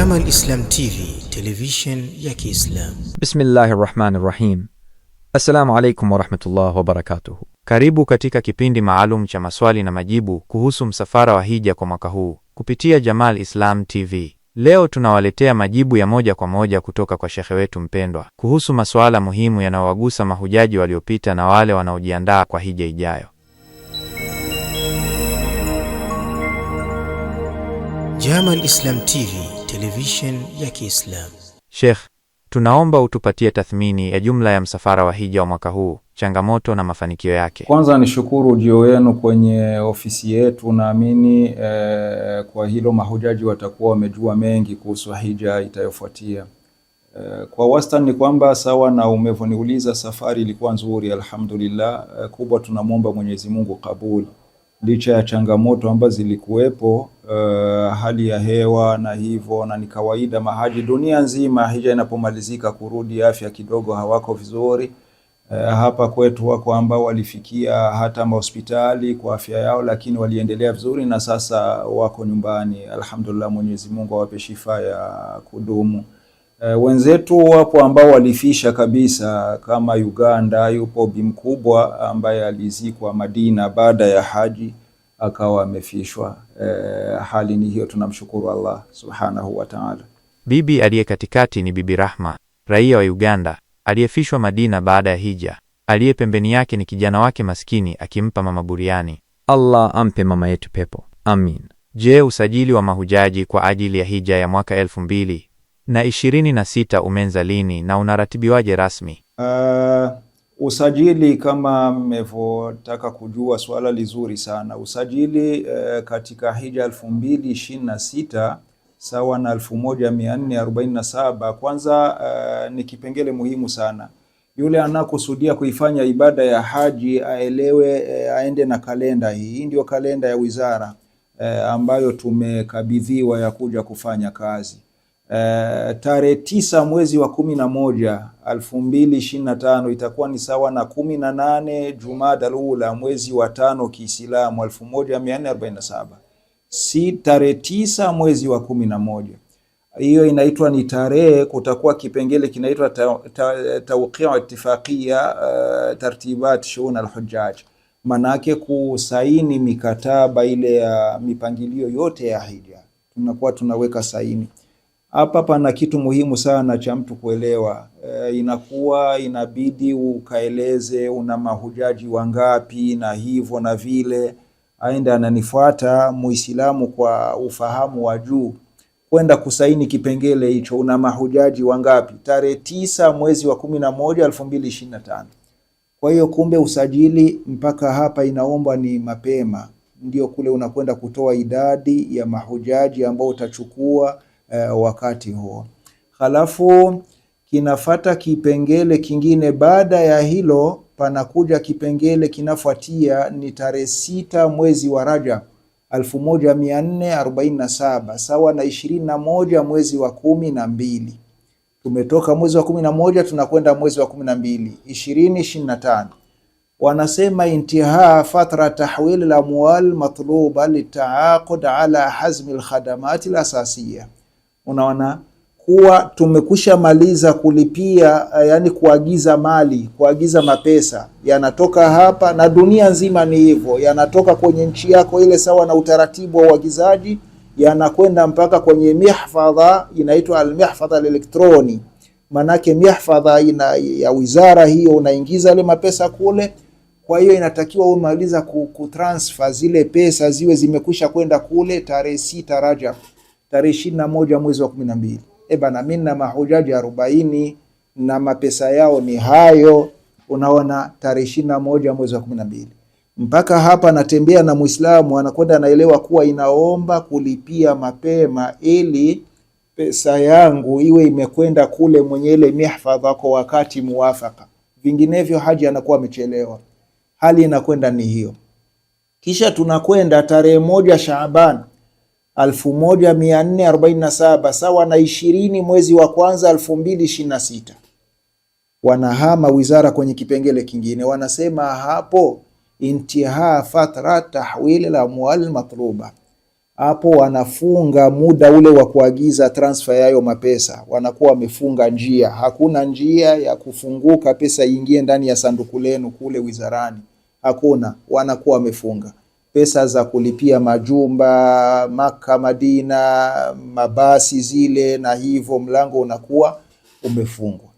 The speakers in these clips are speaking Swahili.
Tazama Islam TV, television ya Kiislam. Bismillahir Rahmanir Rahim. Assalamu alaykum warahmatullahi wabarakatuh. Karibu katika kipindi maalum cha maswali na majibu kuhusu msafara wa hija kwa mwaka huu kupitia Jamal Islam TV. Leo tunawaletea majibu ya moja kwa moja kutoka kwa shekhe wetu mpendwa kuhusu masuala muhimu yanayowagusa mahujaji waliopita na wale wanaojiandaa kwa hija ijayo. Jamal Islam TV Television ya Kiislamu. Sheikh, tunaomba utupatie tathmini ya jumla ya msafara wa hija wa mwaka huu, changamoto na mafanikio yake. Kwanza ni shukuru ujio wenu kwenye ofisi yetu. Naamini eh, kwa hilo mahujaji watakuwa wamejua mengi kuhusu hija itayofuatia. Eh, kwa wastani ni kwamba sawa na umevyoniuliza, safari ilikuwa nzuri, alhamdulillah. Eh, kubwa tunamwomba Mwenyezi Mungu kabuli licha ya changamoto ambazo zilikuwepo, uh, hali ya hewa na hivyo, na ni kawaida mahaji dunia nzima hija inapomalizika kurudi, afya kidogo hawako vizuri. Uh, hapa kwetu wako ambao walifikia hata mahospitali kwa afya yao, lakini waliendelea vizuri na sasa wako nyumbani. Alhamdulillah, Mwenyezi Mungu awape shifa ya kudumu. E, wenzetu wapo ambao walifisha kabisa kama Uganda, yupo Bimkubwa ambaye alizikwa Madina baada ya haji akawa amefishwa. E, hali ni hiyo, tunamshukuru Allah subhanahu wa ta'ala. Bibi aliye katikati ni Bibi Rahma, raia wa Uganda aliyefishwa Madina baada ya hija. Aliye pembeni yake ni kijana wake maskini akimpa mama buriani. Allah ampe mama yetu pepo, amin. Je, usajili wa mahujaji kwa ajili ya hija ya mwaka elfu mbili na ishirini na sita umeanza lini na unaratibiwaje rasmi? Uh, usajili kama mmevyotaka kujua, swala lizuri sana. Usajili uh, katika hija elfu mbili ishirini na sita sawa na elfu moja mia nne arobaini na saba kwanza uh, ni kipengele muhimu sana yule anakusudia kuifanya ibada ya haji aelewe, uh, aende na kalenda hii. Hii ndio kalenda ya wizara e, ambayo tumekabidhiwa ya kuja kufanya kazi. Uh, tarehe tisa mwezi wa kumi na moja elfu mbili ishirini na tano itakuwa ni sawa na kumi na nane Jumada lula mwezi wa tano Kiislamu elfu moja mia nne arobaini na saba si tarehe tisa mwezi wa kumi na moja hiyo inaitwa ni tarehe. Kutakuwa kipengele kinaitwa ta, itifaqia uh, eh, tartibat shuun alhujaj, manake kusaini mikataba ile ya mipangilio yote ya hija, tunakuwa tunaweka saini hapa pana kitu muhimu sana cha mtu kuelewa. E, inakuwa inabidi ukaeleze una mahujaji wangapi na hivyo na vile, aende ananifuata Muislamu kwa ufahamu wa juu kwenda kusaini kipengele hicho, una mahujaji wangapi, tarehe tisa mwezi wa kumi na moja elfu mbili ishirini na tano. Kwa hiyo kumbe usajili mpaka hapa inaombwa ni mapema, ndio kule unakwenda kutoa idadi ya mahujaji ambao utachukua eh, wakati huo. Halafu kinafata kipengele kingine baada ya hilo, panakuja kipengele kinafuatia ni tarehe sita mwezi wa Rajab 1447 sawa na ishirini na moja mwezi wa kumi na mbili. Tumetoka mwezi wa kumi na moja tunakwenda mwezi wa kumi na mbili ishirini ishirini na tano wanasema intihaa fatra tahwil al amwal matluba litaaqud ala hazmi al khadamat al unaona kuwa tumekusha maliza kulipia, eh, yani kuagiza mali, kuagiza mapesa yanatoka hapa, na dunia nzima ni hivyo, yanatoka kwenye nchi yako ile, sawa na utaratibu wa uagizaji, yanakwenda mpaka kwenye mihfadha, inaitwa almihfadha elektroni. Manake mihfadha ina, ya wizara hiyo, unaingiza ile mapesa kule. Kwa hiyo inatakiwa umaliza kutransfer zile pesa ziwe zimekwisha kwenda kule tarehe sita Rajab tarehe ishirini na moja mwezi wa kumi na mbili. E bana, mimi na mahujaji arobaini na mapesa yao ni hayo. Unaona, tarehe ishirini na moja mwezi wa kumi na mbili mpaka hapa natembea na Muislamu anakwenda anaelewa kuwa inaomba kulipia mapema ili pesa yangu iwe imekwenda kule mwenye ile mihfadha kwa wakati muwafaka, vinginevyo haji anakuwa amechelewa. Hali inakwenda ni hiyo. Kisha tunakwenda tarehe moja Shaaban 1447 sawa na ishirini mwezi wa kwanza 2026. Wanahama wizara kwenye kipengele kingine, wanasema hapo intihaa fatra tahwil la amwal matluba, hapo wanafunga muda ule wa kuagiza transfer yayo mapesa, wanakuwa wamefunga njia. Hakuna njia ya kufunguka pesa iingie ndani ya sanduku lenu kule wizarani, hakuna, wanakuwa wamefunga pesa za kulipia majumba Maka, Madina, mabasi zile na hivyo, mlango unakuwa umefungwa.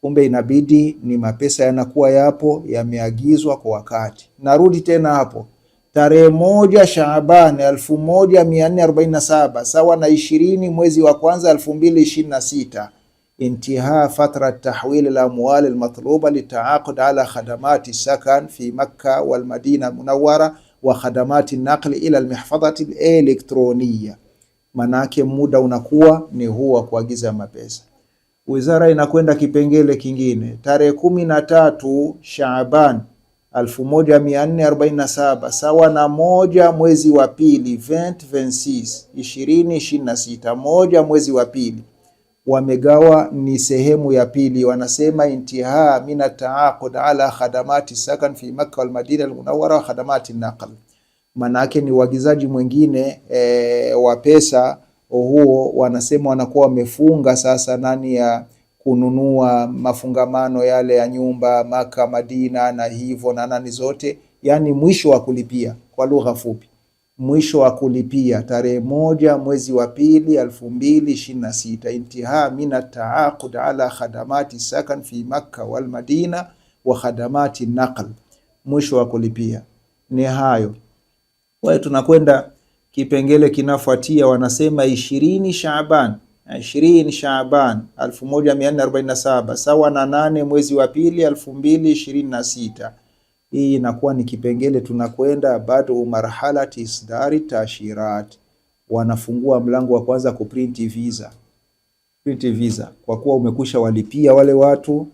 Kumbe inabidi ni mapesa yanakuwa yapo yameagizwa kwa wakati. Narudi tena hapo tarehe moja Shaaban elfu moja mia nne arobaini na saba sawa na ishirini mwezi wa kwanza elfu mbili ishirini na sita intihaa fatra tahwil la amwal al litaaqud ala khadamati sakan fi Makka walmadina munawara wa khadamati naqli ila almihfadhati elektronia, manake muda unakuwa ni huu wa kuagiza mapesa. Wizara inakwenda kipengele kingine, tarehe kumi na tatu Shaaban 1447 sawa na moja mwezi wa pili 2026 sita moja mwezi wa pili wamegawa ni sehemu ya pili, wanasema intihaa min ataaqud ala khadamati sakan fi Makka wal Madina al Munawwara wa khadamati naql, manake ni uagizaji mwingine e, wa pesa huo, wanasema wanakuwa wamefunga sasa nani ya kununua mafungamano yale ya nyumba Maka Madina na hivyo na nani zote, yani mwisho wa kulipia kwa lugha fupi mwisho wa kulipia tarehe moja mwezi wa pili elfu mbili ishirini na sita intihaa min ataaqud ala khadamati sakan fi Makka wal Madina wa khadamati naql, mwisho wa kulipia ni hayo. Kwa hiyo tunakwenda kipengele kinafuatia, wanasema ishirini Shaaban, ishirini Shaaban saba sawa na nane mwezi wa pili elfu mbili ishirini na sita hii inakuwa ni kipengele tunakwenda bado marhalati isdari tashirat, wanafungua mlango wa kwanza kuprinti visa. Print visa kwa kuwa umekusha walipia wale watu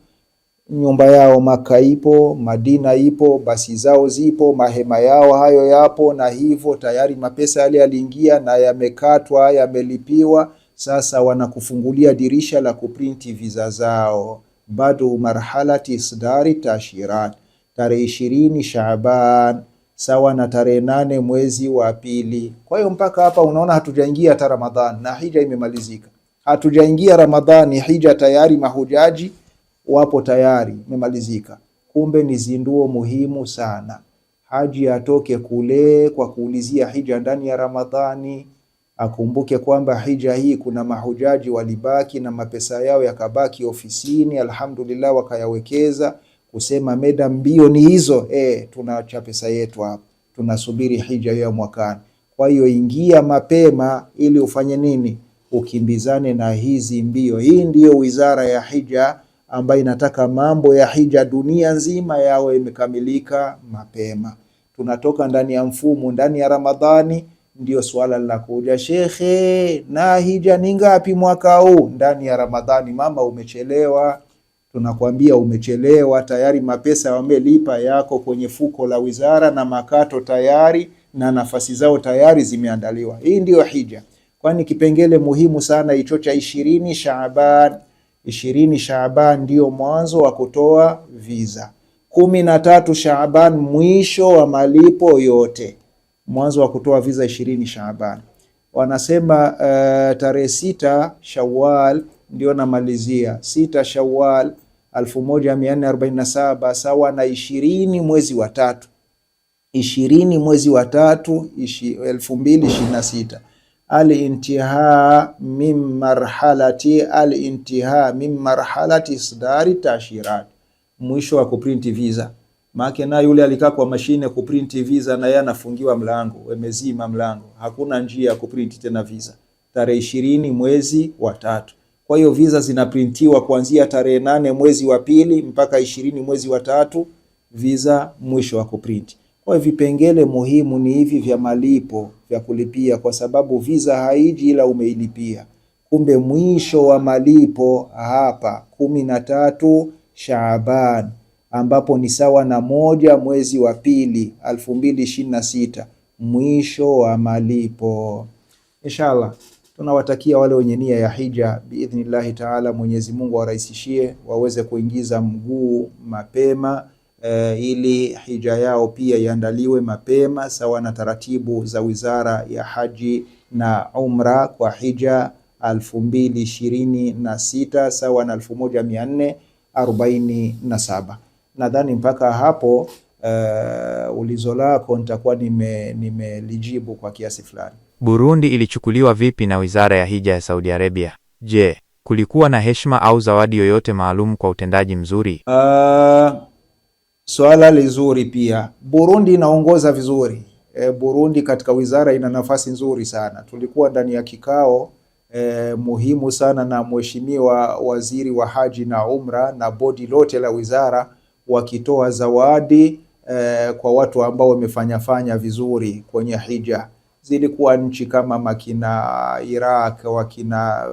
nyumba yao Maka ipo, Madina ipo, basi zao zipo, mahema yao hayo yapo, na hivyo tayari mapesa yale yaliingia na yamekatwa, yamelipiwa. Sasa wanakufungulia dirisha la kuprinti visa zao, bado marhalati isdari tashirat tarehe ishirini Shaaban sawa na tarehe nane mwezi wa pili. Kwa hiyo mpaka hapa unaona hatujaingia hata Ramadhani na hija imemalizika, hatujaingia Ramadhani, hija tayari, mahujaji wapo tayari, imemalizika. Kumbe ni zinduo muhimu sana. Haji atoke kule kwa kuulizia hija ndani ya Ramadhani, akumbuke kwamba hija hii kuna mahujaji walibaki na mapesa yao yakabaki ofisini, alhamdulillah wakayawekeza kusema meda mbio ni hizo eh, tunaacha pesa yetu hapa, tunasubiri hija ya mwakani. Kwa hiyo ingia mapema ili ufanye nini? Ukimbizane na hizi mbio. Hii ndiyo wizara ya hija ambayo inataka mambo ya hija dunia nzima yawe imekamilika mapema. Tunatoka ndani ya mfumo, ndani ya Ramadhani ndio swala linakuja, shekhe, na hija ni ngapi mwaka huu? Ndani ya Ramadhani, mama, umechelewa tunakwambia umechelewa tayari, mapesa wamelipa yako kwenye fuko la wizara na makato tayari, na nafasi zao tayari zimeandaliwa. Hii ndiyo hija, kwani kipengele muhimu sana hicho cha ishirini Shaaban. Ishirini Shaaban ndio mwanzo wa kutoa visa. Kumi na tatu Shaaban mwisho wa malipo yote, mwanzo wa kutoa visa ishirini Shaaban. Wanasema uh, tarehe sita Shawal ndio namalizia sita Shawwal 1447 sawa na ishirini mwezi wa tatu, ishirini mwezi wa tatu elfu mbili ishirini na sita Alintiha min marhalati alintiha min marhalati isdari tashirat, mwisho wa kuprinti visa. Maana na yule alikaa kwa mashine kuprinti visa, na yeye anafungiwa mlango, wamezima mlango, hakuna njia ya kuprinti tena visa. Tarehe ishirini mwezi wa tatu. Kwa hiyo visa zinaprintiwa kuanzia tarehe nane mwezi wa pili mpaka ishirini mwezi wa tatu, visa mwisho wa kuprinti. Kwa hiyo vipengele muhimu ni hivi vya malipo vya kulipia, kwa sababu visa haiji ila umeilipia. Kumbe mwisho wa malipo hapa kumi na tatu Shaaban ambapo ni sawa na moja mwezi wa pili elfu mbili ishirini na sita mwisho wa malipo inshallah tunawatakia wale wenye nia ya hija biidhnillahi taala, Mwenyezi Mungu awarahisishie waweze kuingiza mguu mapema e, ili hija yao pia iandaliwe mapema sawa na taratibu za Wizara ya Haji na Umra kwa hija 226 sawa na 1447 Nadhani mpaka hapo uh, ulizo lako nitakuwa nimelijibu nime kwa kiasi fulani. Burundi ilichukuliwa vipi na Wizara ya Hija ya Saudi Arabia? Je, kulikuwa na heshima au zawadi yoyote maalum kwa utendaji mzuri? Uh, swala lizuri pia. Burundi inaongoza vizuri. E, Burundi katika wizara ina nafasi nzuri sana. Tulikuwa ndani ya kikao e, muhimu sana na Mheshimiwa Waziri wa Haji na Umra na bodi lote la wizara wakitoa zawadi Eh, kwa watu ambao wamefanyafanya vizuri kwenye hija zilikuwa nchi kama makina Iraq, wakina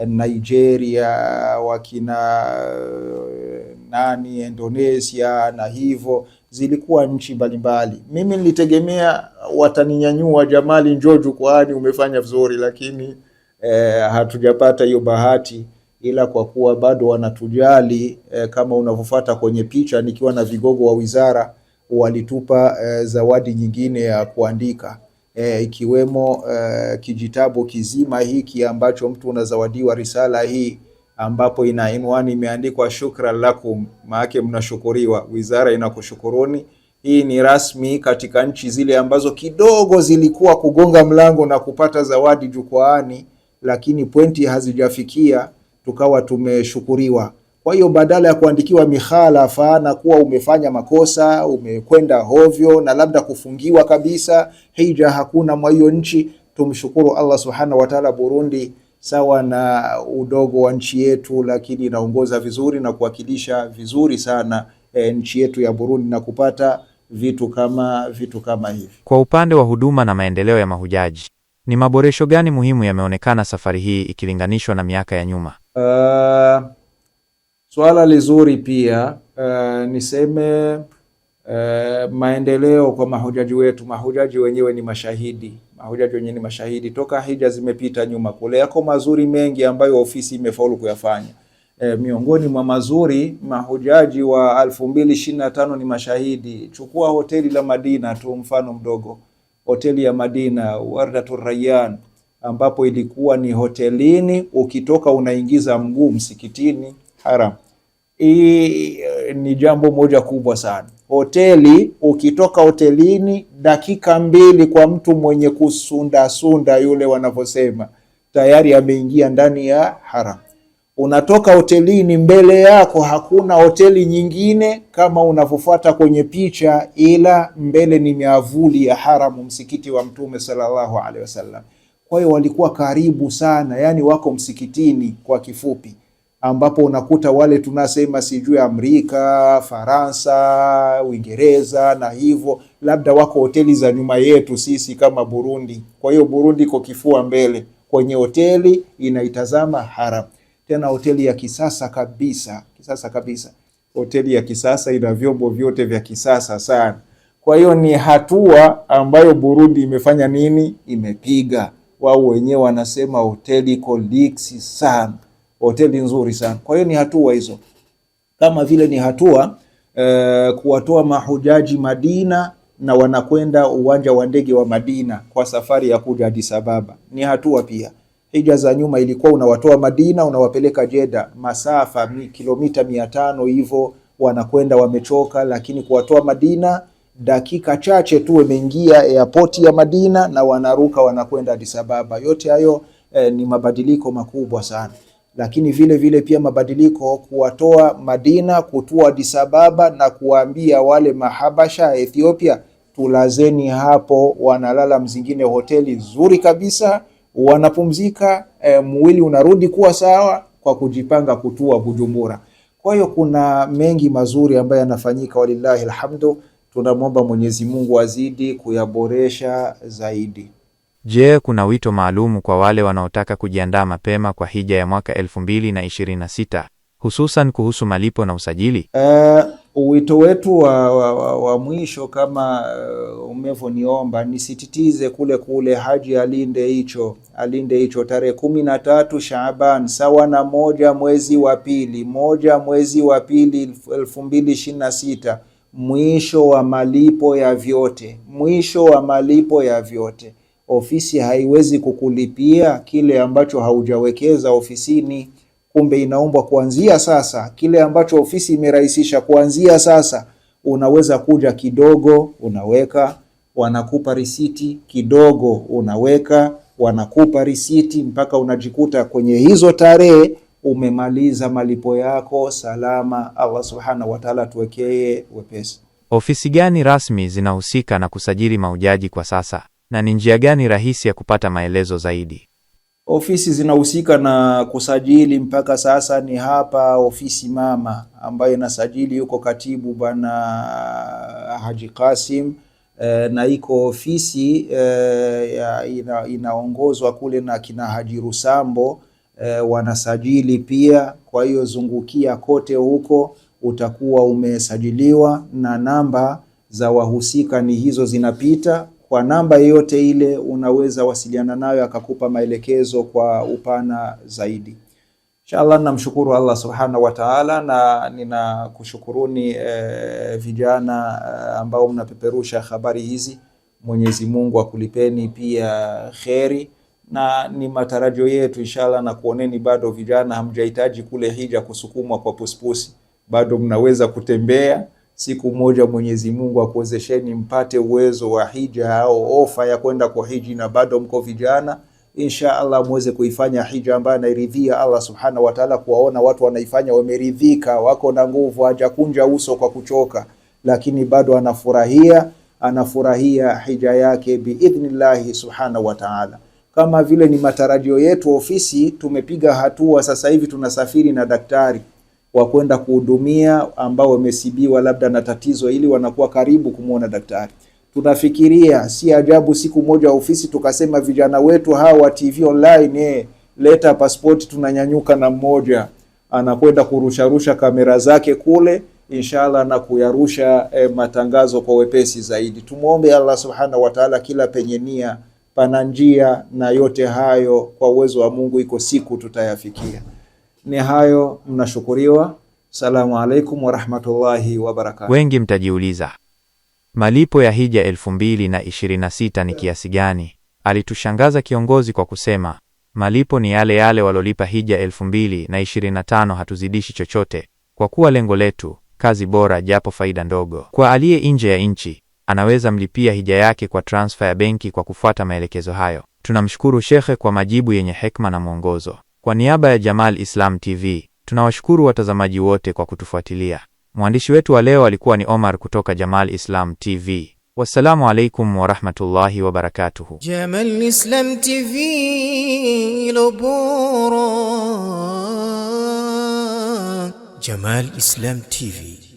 uh, Nigeria, wakina uh, nani Indonesia na hivyo zilikuwa nchi mbalimbali. Mimi nilitegemea wataninyanyua Jamali Njoju, jukwani umefanya vizuri, lakini eh, hatujapata hiyo bahati ila kwa kuwa bado wanatujali eh, kama unavyofuata kwenye picha, nikiwa na vigogo wa wizara walitupa eh, zawadi nyingine ya kuandika eh, ikiwemo eh, kijitabu kizima hiki ambacho mtu unazawadiwa risala hii ambapo ina inwani imeandikwa shukran lakum, maake mnashukuriwa, wizara inakushukuruni. Hii ni rasmi katika nchi zile ambazo kidogo zilikuwa kugonga mlango na kupata zawadi jukwaani, lakini pointi hazijafikia tukawa tumeshukuriwa. Kwa hiyo badala ya kuandikiwa mikhalafa na kuwa umefanya makosa, umekwenda hovyo na labda kufungiwa kabisa, hija hakuna mwa hiyo nchi, tumshukuru Allah subhanahu wa ta'ala. Burundi sawa na udogo wa nchi yetu, lakini inaongoza vizuri na kuwakilisha vizuri sana e, nchi yetu ya Burundi na kupata vitu kama vitu kama hivi. Kwa upande wa huduma na maendeleo ya mahujaji, ni maboresho gani muhimu yameonekana safari hii ikilinganishwa na miaka ya nyuma? Eh, swala lizuri pia. Uh, niseme uh, maendeleo kwa mahujaji wetu. Mahujaji wenyewe ni mashahidi, mahujaji wenyewe ni mashahidi. Toka hija zimepita nyuma kule, yako mazuri mengi ambayo ofisi imefaulu kuyafanya. E, miongoni mwa mazuri mahujaji wa 2025 ni mashahidi. Chukua hoteli la Madina tu mfano mdogo, hoteli ya Madina Wardatur Rayyan ambapo ilikuwa ni hotelini, ukitoka unaingiza mguu msikitini haram. Hii eh, ni jambo moja kubwa sana. Hoteli, ukitoka hotelini dakika mbili, kwa mtu mwenye kusundasunda yule, wanavyosema tayari ameingia ndani ya haram. Unatoka hotelini, mbele yako hakuna hoteli nyingine kama unavyofuata kwenye picha, ila mbele ni miavuli ya haramu, msikiti wa Mtume sallallahu alaihi wasallam. Kwa hiyo walikuwa karibu sana, yani wako msikitini kwa kifupi, ambapo unakuta wale tunasema sijui Amerika, Faransa, Uingereza na hivyo, labda wako hoteli za nyuma yetu sisi kama Burundi. Kwa hiyo Burundi iko kifua mbele kwenye hoteli, inaitazama haram, tena hoteli ya kisasa kabisa, kisasa kabisa, hoteli ya kisasa, ina vyombo vyote vya kisasa sana. Kwa hiyo ni hatua ambayo Burundi imefanya nini, imepiga wao wenyewe wanasema hoteli iko liksi sana, hoteli nzuri sana. Kwa hiyo ni hatua hizo, kama vile ni hatua e, kuwatoa mahujaji Madina na wanakwenda uwanja wa ndege wa Madina kwa safari ya kuja Addis Ababa, ni hatua pia. Hija za nyuma ilikuwa unawatoa Madina unawapeleka Jeddah, masafa kilomita mia tano hivyo, wanakwenda wamechoka, lakini kuwatoa Madina dakika chache tu wameingia airport ya Madina na wanaruka wanakwenda Addis Ababa. Yote hayo eh, ni mabadiliko makubwa sana, lakini vile vile pia mabadiliko kuwatoa Madina kutua Addis Ababa na kuwaambia wale mahabasha Ethiopia, tulazeni hapo, wanalala mzingine hoteli nzuri kabisa, wanapumzika eh, mwili unarudi kuwa sawa kwa kujipanga kutua Bujumbura. Kwa hiyo kuna mengi mazuri ambayo yanafanyika, walillahi alhamdu tunamwomba Mwenyezi Mungu azidi kuyaboresha zaidi. Je, kuna wito maalum kwa wale wanaotaka kujiandaa mapema kwa hija ya mwaka 2026 hususan kuhusu malipo na usajili? Uh, wito wetu wa, wa, wa, wa mwisho kama eh, umevyoniomba, nisititize kule kule haji alinde hicho alinde hicho tarehe kumi na tatu Shaaban sawa na moja mwezi wa pili moja mwezi wa pili elfu mbili ishirini na sita mwisho wa malipo ya vyote, mwisho wa malipo ya vyote. Ofisi haiwezi kukulipia kile ambacho haujawekeza ofisini. Kumbe inaombwa kuanzia sasa, kile ambacho ofisi imerahisisha kuanzia sasa, unaweza kuja kidogo, unaweka wanakupa risiti kidogo, unaweka wanakupa risiti, mpaka unajikuta kwenye hizo tarehe umemaliza malipo yako salama. Allah subhanahu wa ta'ala tuwekee wepesi. Ofisi gani rasmi zinahusika na kusajili mahujaji kwa sasa na ni njia gani rahisi ya kupata maelezo zaidi? Ofisi zinahusika na kusajili mpaka sasa ni hapa ofisi mama ambayo inasajili, yuko katibu bwana Haji Kasim eh, na iko ofisi eh, ya, ina, inaongozwa kule na kina Haji Rusambo e, wanasajili pia. Kwa hiyo zungukia kote huko, utakuwa umesajiliwa na namba za wahusika ni hizo zinapita. Kwa namba yoyote ile unaweza wasiliana nayo akakupa maelekezo kwa upana zaidi. Inshallah, namshukuru Allah subhanahu wa ta'ala, na ninakushukuruni e, vijana e, ambao mnapeperusha habari hizi. Mwenyezi Mungu akulipeni pia kheri na ni matarajio yetu inshallah, na kuoneni bado vijana hamjahitaji kule hija kusukumwa kwa puspusi, bado mnaweza kutembea. Siku moja Mwenyezi Mungu akuwezesheni mpate uwezo wa hija au ofa ya kwenda kwa hiji, na bado mko vijana, insha allah muweze kuifanya hija ambayo anairidhia Allah subhanahu wa taala, kuwaona watu wanaifanya wameridhika, wako na nguvu, hajakunja uso kwa kuchoka, lakini bado anafurahia anafurahia hija yake biidhnillahi subhanahu wa taala kama vile ni matarajio yetu ofisi. Tumepiga hatua sasa hivi, tunasafiri na daktari wa kwenda kuhudumia ambao wamesibiwa labda na tatizo, ili wanakuwa karibu kumwona daktari. Tunafikiria si ajabu siku moja ofisi tukasema, vijana wetu hawa wa TV online eh, leta passport, Tunanyanyuka na mmoja anakwenda kurusharusha kamera zake kule inshallah na kuyarusha eh, matangazo kwa wepesi zaidi. Tumwombe Allah subhanahu wa ta'ala kila penye nia pana njia, na yote hayo kwa uwezo wa Mungu iko siku tutayafikia. Ni hayo, mnashukuriwa. Salamu alaikum warahmatullahi wabarakatu. Wengi mtajiuliza malipo ya hija 2026 ni kiasi gani? Alitushangaza kiongozi kwa kusema malipo ni yale yale walolipa hija 2025, hatuzidishi chochote, kwa kuwa lengo letu kazi bora japo faida ndogo kwa aliye nje ya nchi anaweza mlipia hija yake kwa transfer ya benki kwa kufuata maelekezo hayo. Tunamshukuru shekhe kwa majibu yenye hekma na mwongozo. Kwa niaba ya Jamal Islam TV, tunawashukuru watazamaji wote kwa kutufuatilia. Mwandishi wetu wa leo alikuwa ni Omar kutoka Jamal Islam TV. Wassalamu alaikum warahmatullahi wabarakatuhu. Jamal Islam TV Jamal Islam TV.